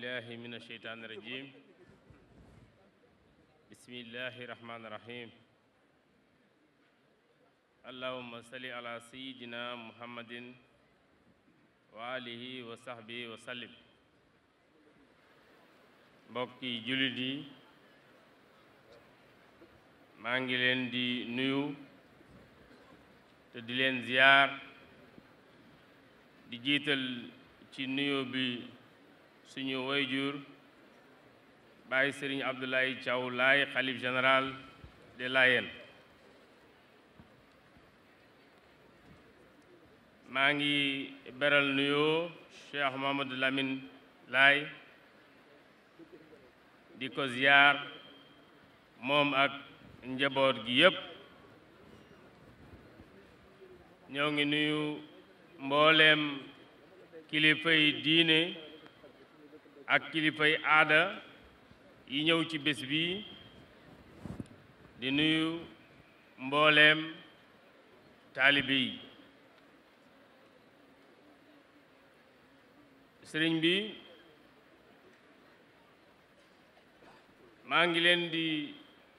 بالله من الشيطان الرجيم بسم الله الرحمن الرحيم اللهم صل على سيدنا محمد وآله وصحبه وسلم بوكي yi jullit لين دي نيو تدلين زيار دي جيتل تي نيو بي suñu wayjur Baay Sëriñ Abdoulaye Thiaw Laye xalif général de Layène maa ngi beral nuyoo Cheikh Mamadou Lamine Laye di ko moom ak njaboot gi yépp ñoo ngi nuyu mbooleem kilifa diine ak kilifay aada yi ñëw ci bés bi di nuyu mbooleem taalibe yi sëriñ bi maa ngi leen di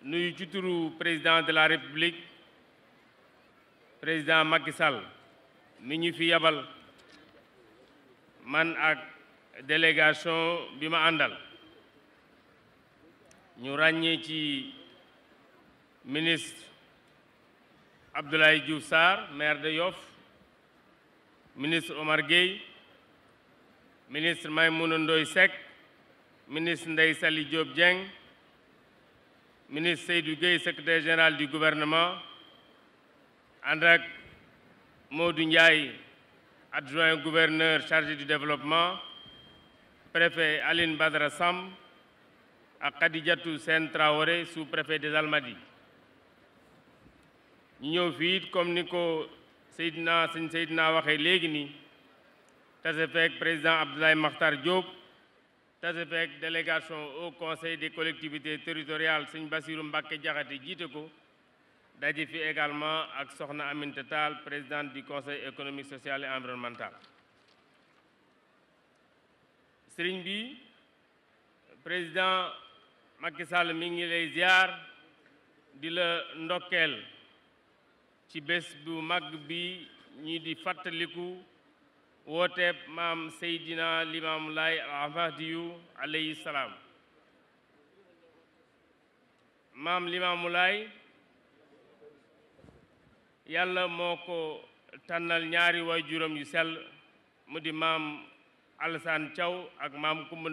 nuyu ci turu président de la république président Macky Sall mi ñu fi yabal man ak délégation Bima-Andal. Nous ñu ragné ci ministre Abdoulaye Diouf maire de Yoff ministre Omar Gueye ministre Maïmoun Ndoye Seck ministre Ndey Saly Diop ministre Seydou Gueye secrétaire général du gouvernement andak adjoint gouverneur chargé du développement préfet Aline Badra à ak Khadijatou Traoré sous-préfet des Almadies Nous avons comme Nico Seydina Seydina président Abdoulaye Makhtar Diop Tazefek, délégation au conseil des collectivités territoriales sëñ Basirou Mbaké Diakhaté également ak Amin Tetal, du conseil économique social et environnemental sëriñ bi président Macky Sall mi ngi lay ziar di la ndokkeel ci bés bu mag bi ñi di fàttaliku wooteeb maam Seydina Limaamu Laay al-Mahdiyu alayhi maam Limaamu yàlla moo ko tànnal ñaari waajuram yu sell mu di maam Alassane caw ak maam Kumba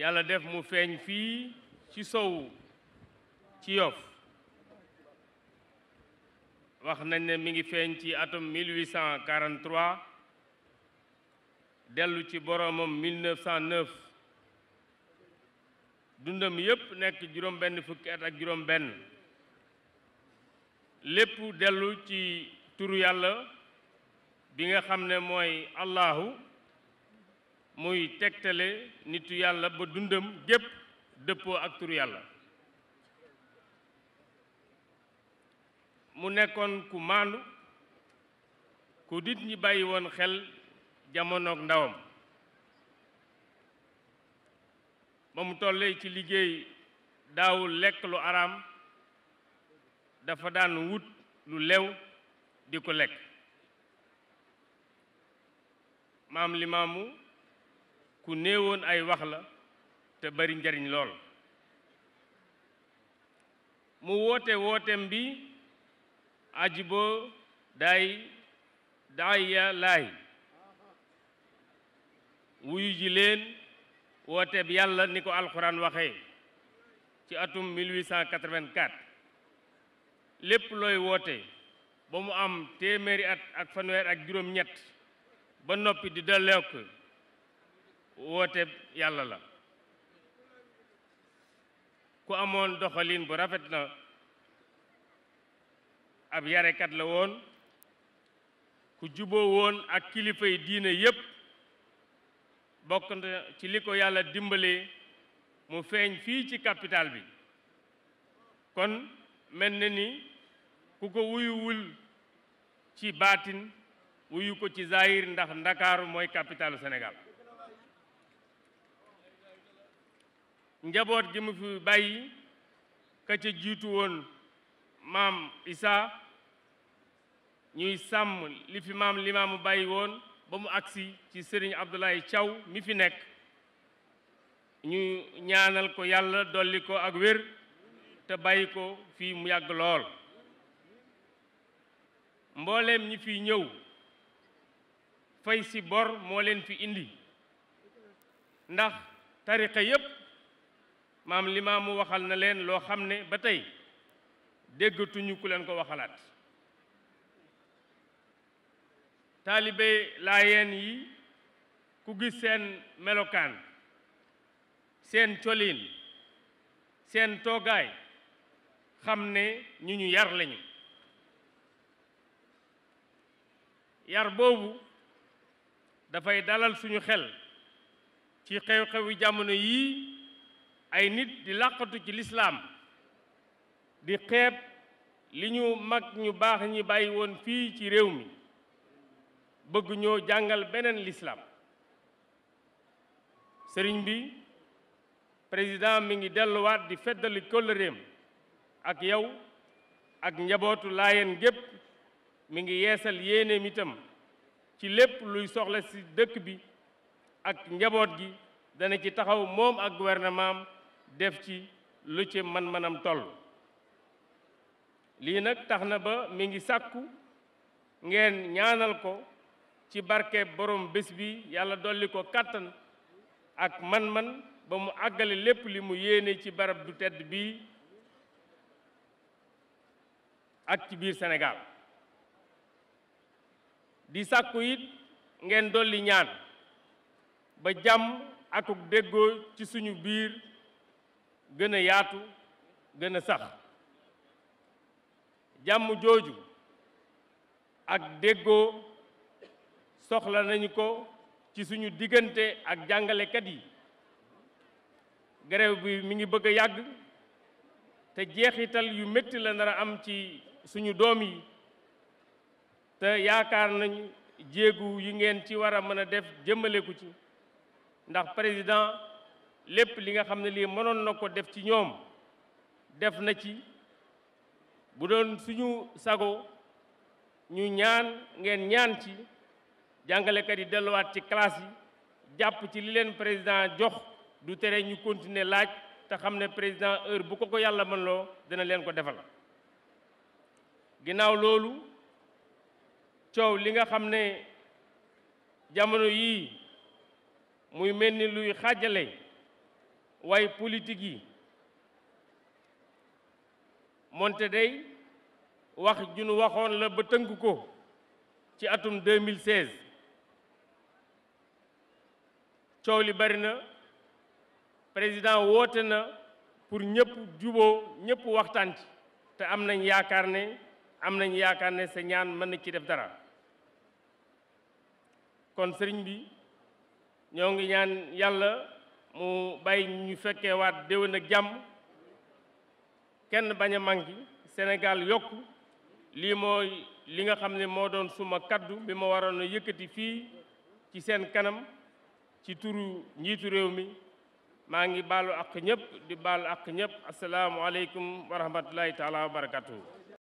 yàlla def mu feeñ fii ci sow ci Yoff wax nañ ne mi ngi feeñ ci atum 1843 dellu ci boroomam 1909 dundam yépp nekk juróom benn fukki ak juróom benn lépp dellu ci turu yàlla bi nga xam ne mooy allahu muy tegtale nitu yàlla ba dundam gépp dëppoo ak turu yàlla mu nekkoon ku maandu ku dit ñi bàyyi woon xel jamonoog ndawam ba mu tollee ci liggéey daawul lekk lu araam dafa daan wut lu lew di ko lekk maam limaamu ku néewoon ay wax la te bari njariñ lool mu woote wootem bi ajiboo daay daaya laay wuyu ji leen wooteeb yàlla ni ko alxuraan waxe ci atum 1884 lépp looy woote ba mu am téeméeri at ak fanweer ak juróom-ñett ba noppi di delleeku woote yàlla la ku amoon doxalin bu rafet na ab yarekat la woon ku juboo woon ak kilifa yi diine yépp bokk na ci li ko yàlla dimbalee mu feeñ fii ci capital bi kon mel na ni ku ko wuyuwul ci baatin wuyu ko ci zahir ndax ndakaaru mooy capitalu Sénégal njaboot gi mu fi bàyyi ka ca jiitu woon maam Isa ñuy sàmm li fi maam limaamu bàyyi woon ba mu agsi ci sëriñ Abdoulaye caw mi fi nekk ñu ñaanal ko yàlla dolli ko ak wér te bàyyi ko fii mu yàgg lool mbooleem ñi fi ñëw fay si bor moo leen fi indi ndax tariqa yépp maam limaamu waxal na leen loo xam ne ba tey déggatuñu ku leen ko waxalaat taalibe laayeen yi ku gis seen melokaan seen colin seen toogaay xam ne ñu ñu yar lañu yar boobu fay dalal suñu xel ci xew-xewi jamono yi ay nit di laqatu ci l'islam di xeb liñu mag ñu bax ñi bayyi won fi ci rew mi bëgg ñoo jangal benen l'islam sëriñ bi président mi ngi wat di fédali kolorem, ak yow ak njabootu layen gep mi ngi yeesal yéeneem mitam ci lepp luy soxla ci dekk bi ak njabot gi dana ci taxaw mom ak gouvernement def ci lu ci man-manam toll li nak taxna ba mi ngi sakku ngeen ñaanal ko ci barke borom Besbi bi yalla doli ko katan ak man-man ba mu agale lepp li mu yene ci barab du tedd bi ak ci biir senegal di sàkku yit ngeen dolli ñaan ba jàmm akuk déggoo ci suñu biir gën a yaatu gën a sax jàmm jooju ak déggoo soxla nañu ko ci suñu diggante ak jàngalekat yi grève bi mi ngi bëgg a yàgg te jeexital yu metti la nar am ci suñu doom yi te yaakaar nañu jéegu yi ngeen ci war a mën a def jëmmaleku ci ndax président lépp li nga xam ne lii mënoon na ko def ci ñoom def na ci bu doon suñu sago ñu ñaan ngeen ñaan ci jàngalekat yi delluwaat ci classe yi jàpp ci li leen président jox du tere ñu continuer laaj te xam ne président heure bu ko ko yàlla mën loo dina leen ko defal ginnaaw loolu coow li nga xam ne jamono yii muy mel ni luy xajale waaye politique yi moonte day wax ju nu waxoon la ba tënk ko ci atum 2016 coow li bari na président woote na pour ñëpp juboo ñëpp waxtaan te am nañ yaakaar ne am nañ yaakaar ne sa ñaan mën na ci def dara kon sëriñ bi ñoo ngi ñaan yàlla mu bay ñu fekkee waat déwén ak jàmm kenn bañ a manqué senegaal yokk lii mooy li nga xam ne moo doon suma kaddu bi ma waroon a yëkkati fii ci seen kanam ci turu njiitu réew mi maa ngi baalu ak ñëpp di baalu ak ñépp asalaamualeykum wa rahmatullahi taala wa barakatuhu